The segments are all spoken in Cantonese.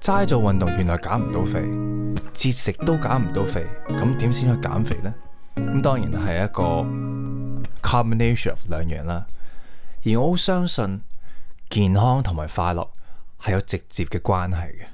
齋做運動，原來減唔到肥，節食都減唔到肥，咁點先去減肥呢？咁當然係一個 combination of 兩樣啦。而我好相信健康同埋快樂係有直接嘅關係嘅。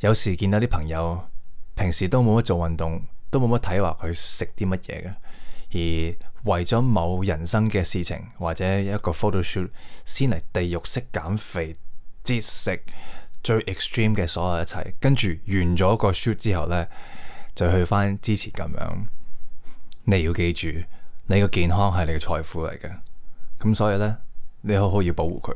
有時見到啲朋友平時都冇乜做運動，都冇乜睇話佢食啲乜嘢嘅，而為咗某人生嘅事情或者一個 photo shoot，先嚟地獄式減肥節食。最 extreme 嘅所有一切，跟住完咗個 shoot 之後呢，就去翻之前咁樣。你要記住，你個健康係你嘅財富嚟嘅，咁所以呢，你好好要保護佢。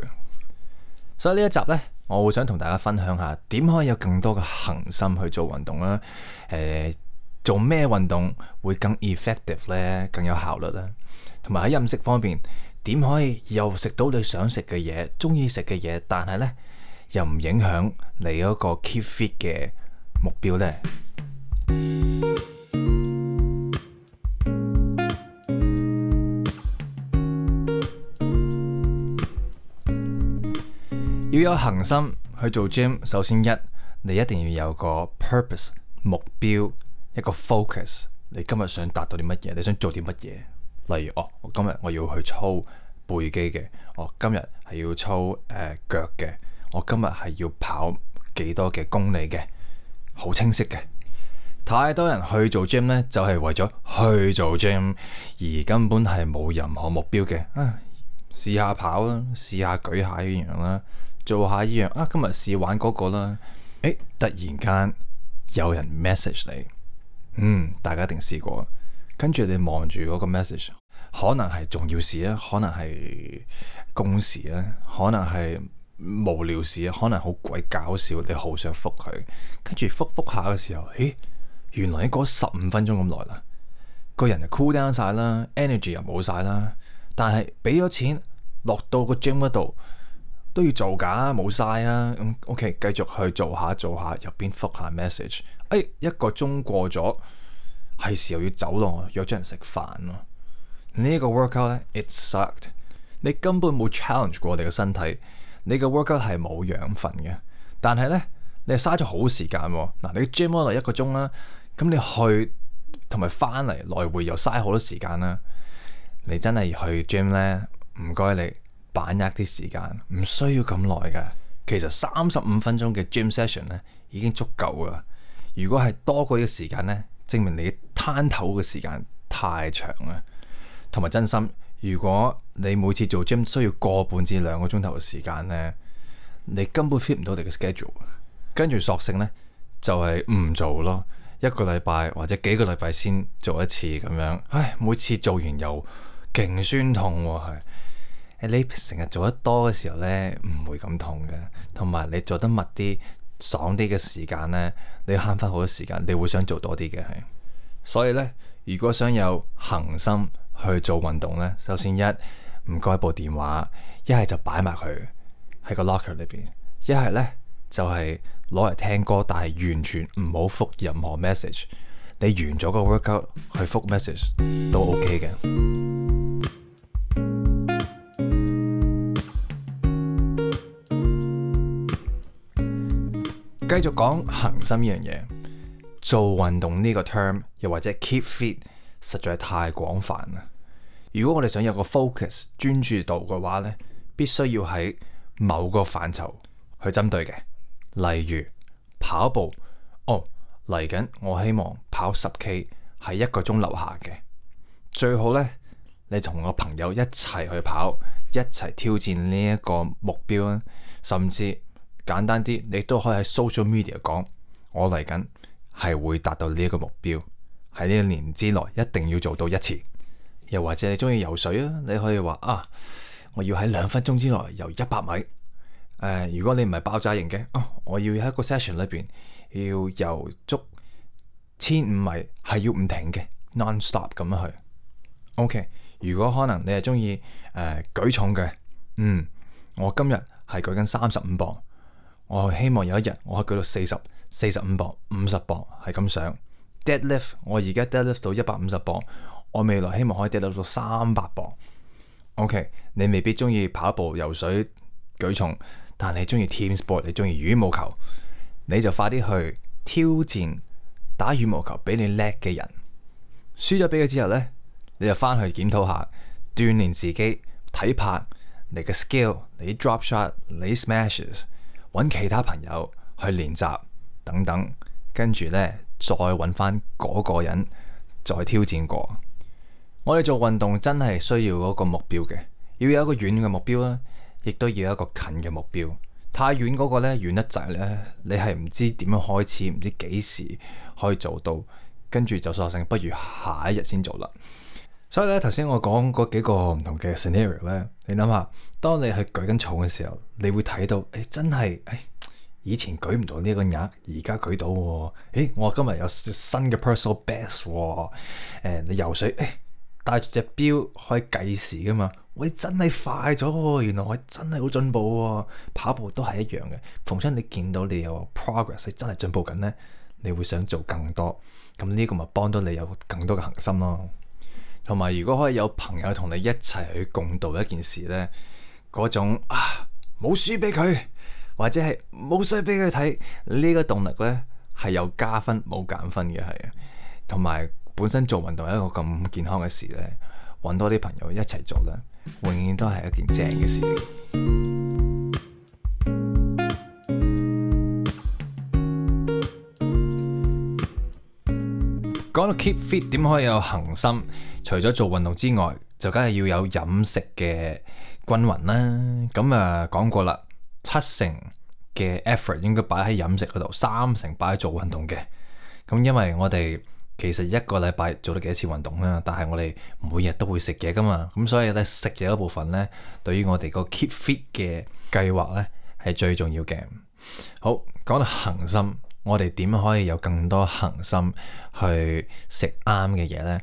所以呢一集呢，我會想同大家分享下點可以有更多嘅恒心去做運動啦，誒、欸，做咩運動會更 effective 呢？更有效率呢？同埋喺飲食方面，點可以又食到你想食嘅嘢，中意食嘅嘢，但係呢。又唔影響你嗰個 keep fit 嘅目標呢？要有恒心去做 gym，首先一你一定要有個 purpose 目標，一個 focus。你今日想達到啲乜嘢？你想做啲乜嘢？例如哦，我今日我要去操背肌嘅，我、哦、今日係要操誒、呃、腳嘅。我今日係要跑幾多嘅公里嘅，好清晰嘅。太多人去做 gym 呢，就係、是、為咗去做 gym 而根本係冇任何目標嘅。啊，試下跑啦，試下舉下呢樣啦，做下呢樣啊。今日試玩嗰個啦，突然間有人 message 你，嗯，大家一定試過，跟住你望住嗰個 message，可能係重要事啦，可能係公事啦，可能係。無聊事啊，可能好鬼搞笑，你好想覆佢，跟住覆覆下嘅時候，咦，原來你過十五分鐘咁耐啦，個人就 cool down 晒啦，energy 又冇晒啦。但係俾咗錢落到個 gym 度都要做噶，冇晒啊。咁、嗯、OK，繼續去做下做下入邊覆下 message。哎，一個鐘過咗係時候要走咯，約咗人食飯咯。這個、呢個 workout 咧，it sucked，你根本冇 challenge 過我哋嘅身體。你個 workout 係冇養分嘅，但係呢，你嘥咗好時間喎。嗱，你 gym 喎落一個鐘啦、啊，咁你去同埋翻嚟來回又嘥好多時間啦、啊。你真係去 gym 呢？唔該你把握啲時間，唔需要咁耐嘅。其實三十五分鐘嘅 gym session 呢已經足夠噶。如果係多過呢個時間呢，證明你攤頭嘅時間太長啦，同埋真心。如果你每次做 gym 需要個半至兩個鐘頭嘅時間呢，你根本 fit 唔到你嘅 schedule。跟住索性呢，就係、是、唔做咯，一個禮拜或者幾個禮拜先做一次咁樣。唉，每次做完又勁酸痛喎、啊，係你成日做得多嘅時候呢，唔會咁痛嘅，同埋你做得密啲爽啲嘅時間呢，你慳翻好多時間，你會想做多啲嘅係。所以呢，如果想有恒心。去做運動呢，首先一唔該部電話，一係就擺埋佢喺個 locker 裏邊，一係呢就係攞嚟聽歌，但係完全唔好覆任何 message。你完咗個 workout 去覆 message 都 OK 嘅。 繼續講恆心呢樣嘢，做運動呢個 term，又或者 keep fit。實在太廣泛啦！如果我哋想有個 focus 專注度嘅話呢，必須要喺某個範疇去針對嘅，例如跑步。哦，嚟緊我希望跑十 K，係一個鐘以下嘅。最好呢，你同個朋友一齊去跑，一齊挑戰呢一個目標啊！甚至簡單啲，你都可以喺 social media 講，我嚟緊係會達到呢一個目標。喺呢一年之內一定要做到一次，又或者你中意游水啊？你可以話啊，我要喺兩分鐘之內游一百米。誒、呃，如果你唔係爆炸型嘅，哦，我要喺一個 session 裏邊要游足千五米，係要唔停嘅，non stop 咁樣去。OK，如果可能你係中意誒舉重嘅，嗯，我今日係舉緊三十五磅，我希望有一日我可以舉到四十四十五磅、五十磅，係咁上。deadlift，我而家 deadlift 到一百五十磅，我未來希望可以 deadlift 到三百磅。O.K. 你未必中意跑步、游水、舉重，但你中意 teamsport，你中意羽毛球，你就快啲去挑戰打羽毛球比你叻嘅人，輸咗俾佢之後呢，你就翻去檢討下，鍛鍊自己體魄，你嘅 skill，你 drop shot，你 smashes，揾其他朋友去練習等等，跟住呢，再揾翻嗰個人再挑戰過。我哋做運動真係需要嗰個目標嘅，要有一個遠嘅目標啦，亦都要有一個近嘅目標。太遠嗰個呢，遠得滯呢，你係唔知點樣開始，唔知幾時可以做到，跟住就索性不如下一日先做啦。所以呢，頭先我講嗰幾個唔同嘅 scenario 呢，你諗下，當你去舉緊草嘅時候，你會睇到，誒、欸、真係，誒、欸。以前舉唔到呢個額，而家舉到喎、哦欸。我今日有新嘅 personal best 喎、哦欸。你游水，誒、欸、帶住隻錶可以計時噶嘛？喂，真係快咗喎！原來我真係好進步喎、哦。跑步都係一樣嘅。逢親你見到你有 progress，你真係進步緊呢？你會想做更多。咁呢個咪幫到你有更多嘅恒心咯。同埋，如果可以有朋友同你一齊去共度一件事呢，嗰種啊冇輸俾佢。或者係冇需俾佢睇，呢個動力呢係有加分冇減分嘅，係。同埋本身做運動係一個咁健康嘅事呢，揾多啲朋友一齊做咧，永遠都係一件正嘅事的。講 到 keep fit 點可以有恒心，除咗做運動之外，就梗係要有飲食嘅均勻啦。咁啊，講、呃、過啦。七成嘅 effort 應該擺喺飲食嗰度，三成擺喺做運動嘅。咁因為我哋其實一個禮拜做咗幾多次運動啦，但係我哋每日都會食嘢噶嘛，咁所以咧食嘢嗰部分咧，對於我哋個 keep fit 嘅計劃咧係最重要嘅。好，講到恒心，我哋點可以有更多恒心去食啱嘅嘢呢？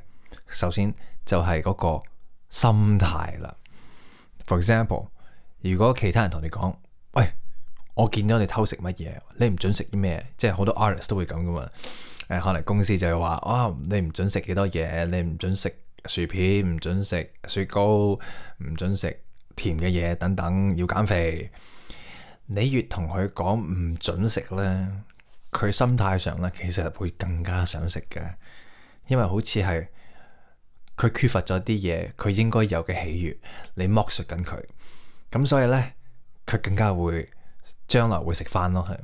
首先就係嗰個心態啦。For example，如果其他人同你講，我見到你偷食乜嘢，你唔準食啲咩，即係好多藝人都會咁噶嘛。誒，可能公司就係話啊，你唔準食幾多嘢，你唔準食薯片，唔準食雪糕，唔準食甜嘅嘢等等，要減肥。你越同佢講唔準食呢，佢心態上呢其實會更加想食嘅，因為好似係佢缺乏咗啲嘢，佢應該有嘅喜悅，你剝削緊佢，咁所以呢，佢更加會。將來會食翻咯，係。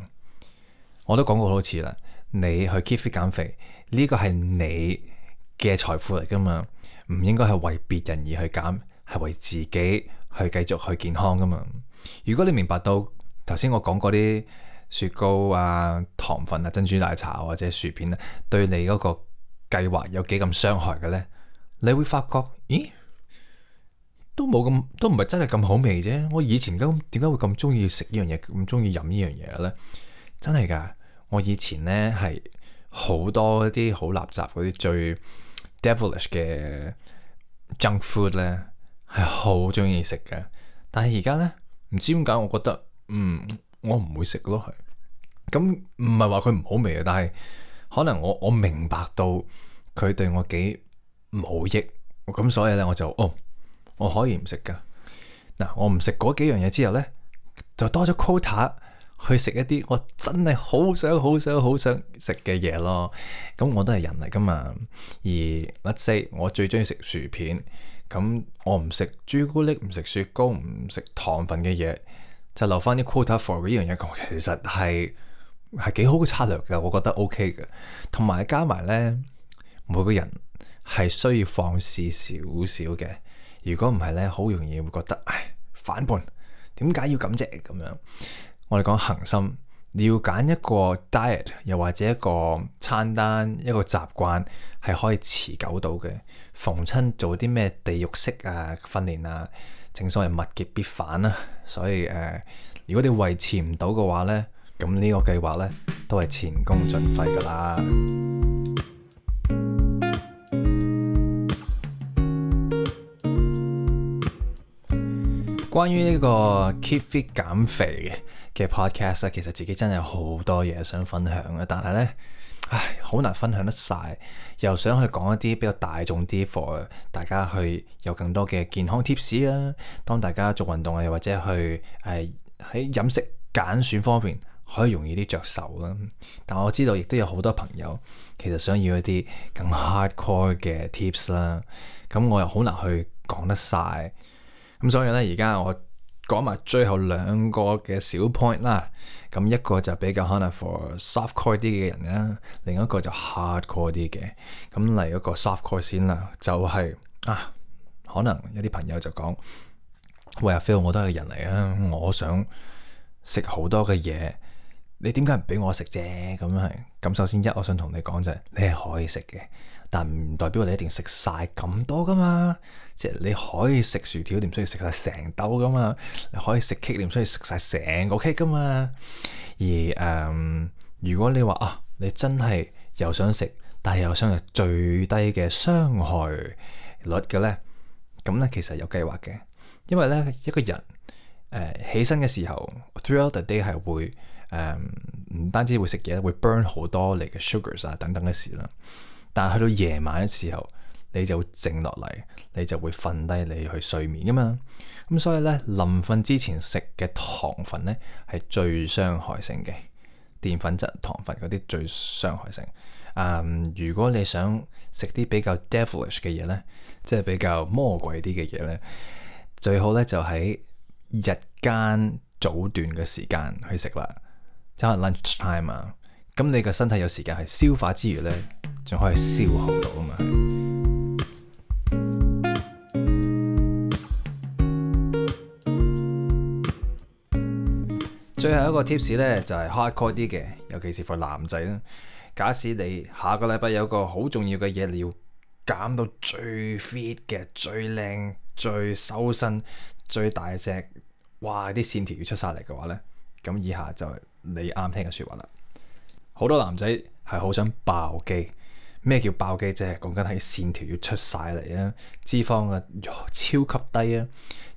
我都講過好多次啦，你去 keep fit 減肥，呢個係你嘅財富嚟㗎嘛，唔應該係為別人而去減，係為自己去繼續去健康㗎嘛。如果你明白到頭先我講嗰啲雪糕啊、糖分啊、珍珠奶茶、啊、或者薯片咧、啊，對你嗰個計劃有幾咁傷害嘅呢，你會發覺，咦？都冇咁，都唔係真係咁好味啫。我以前咁點解會咁中意食呢樣嘢，咁中意飲呢樣嘢咧？真係噶，我以前咧係好多啲好垃圾嗰啲最 devilish 嘅 junk food 咧，係好中意食嘅。但係而家咧唔知點解，我覺得嗯，我唔會食咯。係咁唔係話佢唔好味啊，但係可能我我明白到佢對我幾冇益，咁所以咧我就哦。我可以唔食噶，嗱，我唔食嗰幾樣嘢之後呢，就多咗 quota 去食一啲我真係好想、好想、好想食嘅嘢咯。咁我都係人嚟噶嘛，而 let's say 我最中意食薯片，咁我唔食朱古力，唔食雪糕，唔食糖分嘅嘢，就留翻啲 quota for 呢樣嘢。其實係係幾好嘅策略嘅，我覺得 OK 嘅。同埋加埋呢，每個人係需要放肆少少嘅。如果唔係呢，好容易會覺得，唉，反叛，點解要咁啫？咁樣，我哋講恒心，你要揀一個 diet，又或者一個餐單，一個習慣係可以持久到嘅。逢親做啲咩地獄式啊訓練啊，正所謂物極必反啦、啊。所以誒、呃，如果你維持唔到嘅話呢，咁呢個計劃呢，都係前功盡廢㗎啦。關於呢個 keep fit 減肥嘅 podcast 其實自己真係有好多嘢想分享嘅，但係呢，唉，好難分享得晒，又想去講一啲比較大眾啲，for 大家去有更多嘅健康 tips 啦。當大家做運動啊，又或者去誒喺飲食揀選方面，可以容易啲着手啦。但我知道亦都有好多朋友其實想要一啲更 hardcore 嘅 tips 啦，咁我又好難去講得晒。咁所以咧，而家我講埋最後兩個嘅小 point 啦。咁一個就比較可能 for soft core 啲嘅人啦，另一個就 hard core 啲嘅。咁嚟一個 soft core 先啦，就係、是、啊，可能有啲朋友就講，喂，阿 Phil，我 feel 我都係人嚟啊，我想食好多嘅嘢。你點解唔俾我食啫？咁樣係咁。首先一，我想同你講就係、是、你係可以食嘅，但唔代表你一定食晒咁多噶嘛。即、就、係、是、你可以食薯條，你唔需要食晒成兜噶嘛。你可以食 cake，你唔需要食晒成個 cake 噶嘛。而誒、呃，如果你話啊，你真係又想食，但係又想係最低嘅傷害率嘅咧，咁咧其實有計劃嘅，因為咧一個人誒、呃、起身嘅時候，throughout the day 係會。誒，唔、um, 單止會食嘢，會 burn 好多你嘅 sugars 啊，等等嘅事啦。但係去到夜晚嘅時候，你就會靜落嚟，你就會瞓低，你去睡眠㗎嘛。咁、嗯、所以咧，臨瞓之前食嘅糖分咧係最傷害性嘅，澱粉質糖分嗰啲最傷害性。啊、um，如果你想食啲比較 devilish 嘅嘢咧，即係比較魔鬼啲嘅嘢咧，最好咧就喺日間早段嘅時間去食啦。就 lunch time 啊！咁你嘅身體有時間係消化之餘呢，仲可以消耗到啊嘛。 最後一個 tips 咧就係、是、hardcore 啲嘅，尤其是個男仔啦。假使你下個禮拜有個好重要嘅嘢，你要減到最 fit 嘅、最靚、最修身、最大隻，哇！啲線條要出晒嚟嘅話呢，咁以下就是。你啱聽嘅說話啦，好多男仔係好想爆肌。咩叫爆肌？即係講緊喺線條要出晒嚟啊，脂肪率、啊、超級低啊，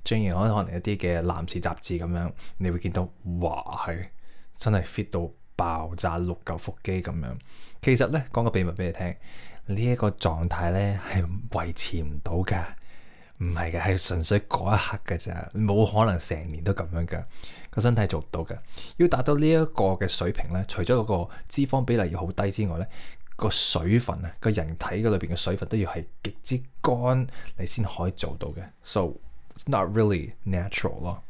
正如可能可能一啲嘅男士雜誌咁樣，你會見到哇係真係 fit 到爆炸六嚿腹肌咁樣。其實咧講個秘密俾你聽，呢、這、一個狀態咧係維持唔到噶。唔係嘅，係純粹嗰一刻嘅咋，冇可能成年都咁樣嘅，個身體做唔到嘅。要達到呢一個嘅水平咧，除咗嗰個脂肪比例要好低之外咧，個水分啊，個人體嘅裏邊嘅水分都要係極之乾，你先可以做到嘅。So it's not really natural 咯。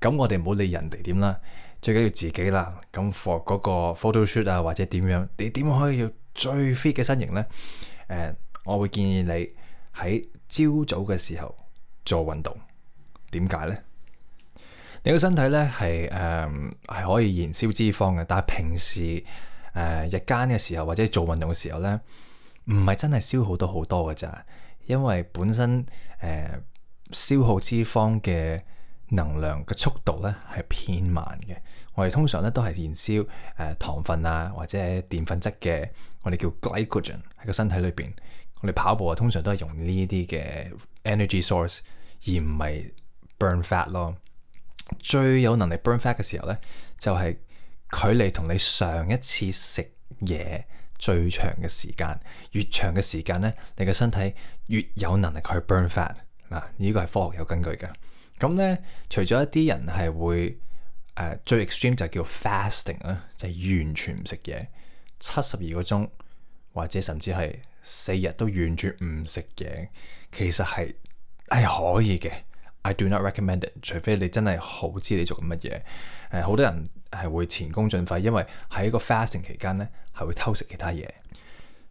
咁我哋唔好理人哋點啦，最緊要自己啦。咁 for 嗰個 photoshoot 啊，或者點樣，你點可以要最 fit 嘅身形咧？誒、uh，我會建議你。喺朝早嘅時候做運動，點解呢？你個身體咧係誒係可以燃燒脂肪嘅，但係平時誒、呃、日間嘅時候或者做運動嘅時候咧，唔係真係消耗到好多㗎咋，因為本身誒、呃、消耗脂肪嘅能量嘅速度咧係偏慢嘅。我哋通常咧都係燃燒誒、呃、糖分啊或者澱粉質嘅，我哋叫 glycogen 喺個身體裏邊。我哋跑步啊，通常都係用呢啲嘅 energy source，而唔係 burn fat 咯。最有能力 burn fat 嘅時候呢，就係、是、距離同你上一次食嘢最長嘅時間，越長嘅時間呢，你嘅身體越有能力去 burn fat 嗱。呢個係科學有根據嘅。咁呢，除咗一啲人係會誒、呃、最 extreme 就叫 fasting 啦，就係完全唔食嘢七十二個鐘，或者甚至係。四日都完全唔食嘢，其實係係、哎、可以嘅。I do not recommend it，除非你真係好知你做緊乜嘢。誒、呃，好多人係會前功盡廢，因為喺個 fasting 期間呢，係會偷食其他嘢。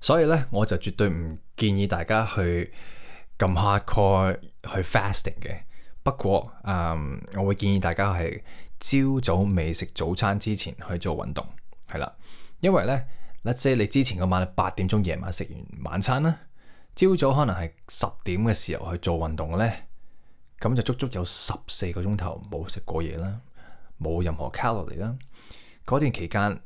所以呢，我就絕對唔建議大家去咁 hardcore 去 fasting 嘅。不過，嗯、um,，我會建議大家係朝早未食早餐之前去做運動，係啦，因為呢。即係你之前嗰晚八點鐘夜晚食完晚餐啦，朝早可能係十點嘅時候去做運動咧，咁就足足有十四個鐘頭冇食過嘢啦，冇任何卡路里啦，嗰段期間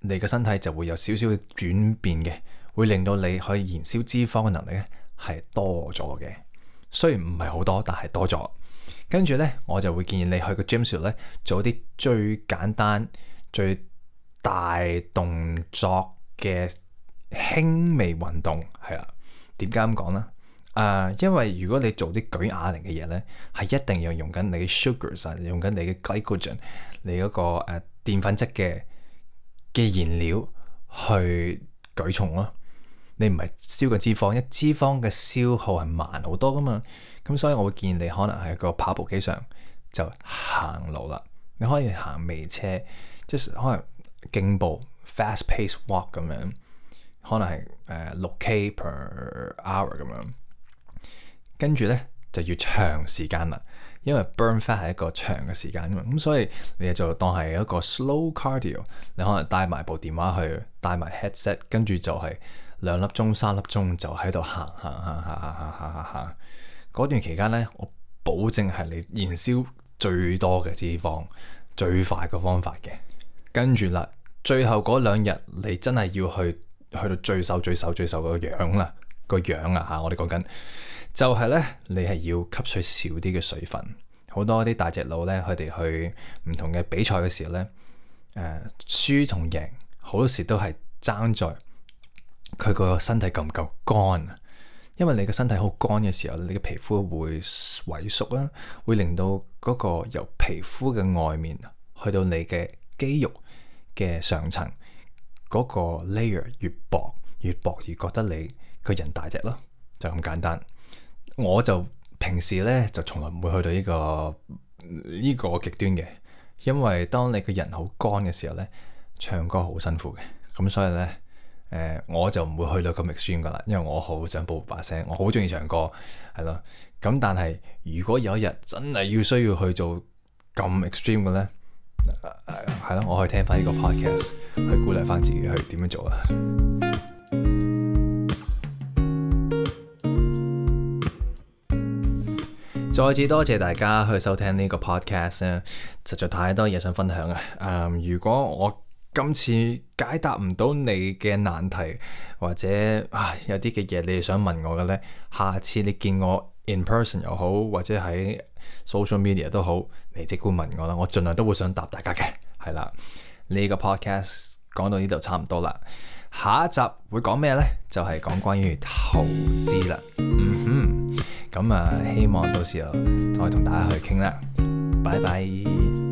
你嘅身體就會有少少嘅轉變嘅，會令到你去燃燒脂肪嘅能力咧係多咗嘅，雖然唔係好多，但係多咗。跟住咧，我就會建議你去個 gym 度咧做啲最簡單最。大動作嘅輕微運動係啦，點解咁講呢？誒、呃，因為如果你做啲舉啞鈴嘅嘢咧，係一定要用緊你嘅 sugars、啊、用緊你嘅 glycogen，你嗰、那個誒、呃、澱粉質嘅嘅燃料去舉重咯、啊。你唔係燒緊脂肪，因為脂肪嘅消耗係慢好多噶嘛。咁所以我會建議你可能喺個跑步機上就行路啦。你可以行微車，即、就、係、是、可能。勁步、fast pace walk 咁樣，可能係誒六 k per hour 咁樣，跟住咧，就要長時間啦，因為 burn fat 係一個長嘅時間啊嘛，咁所以你就當係一個 slow cardio，你可能帶埋部電話去，帶埋 headset，跟住就係兩粒鐘、三粒鐘就喺度行行行行行行行，嗰段期間咧，我保證係你燃燒最多嘅脂肪、最快嘅方法嘅。跟住啦，最後嗰兩日，你真係要去去到最瘦、最瘦、最瘦個樣啦，個樣啊吓！我哋講緊就係、是、咧，你係要吸取少啲嘅水分。好多啲大隻佬咧，佢哋去唔同嘅比賽嘅時候咧，誒、呃，輸同贏好多時都係爭在佢個身體夠唔夠乾啊！因為你個身體好乾嘅時候，你嘅皮膚會萎縮啦，會令到嗰個由皮膚嘅外面去到你嘅肌肉。嘅上層嗰個 layer 越薄越薄，越覺得你個人大隻咯，就咁簡單。我就平時咧就從來唔會去到呢個呢個極端嘅，因為當你個人好乾嘅時候咧，唱歌好辛苦嘅，咁所以咧誒、呃、我就唔會去到咁 extreme 噶啦，因為我好想保把聲，我好中意唱歌係咯。咁但係如果有一日真係要需要去做咁 extreme 嘅咧？係咯，我可以聽翻呢個 podcast，去鼓勵翻自己去點樣做啊！再次多謝大家去收聽呢個 podcast 咧、啊，實在太多嘢想分享啊！如果我今次解答唔到你嘅難題，或者啊有啲嘅嘢你想問我嘅呢，下次你見我。In person 又好，或者喺 social media 都好，你即管問我啦，我盡量都會想答大家嘅。係啦，呢、這個 podcast 講到呢度差唔多啦，下一集會講咩呢？就係、是、講關於投資啦，咁、嗯、啊，希望到時候再同大家去傾啦，拜拜。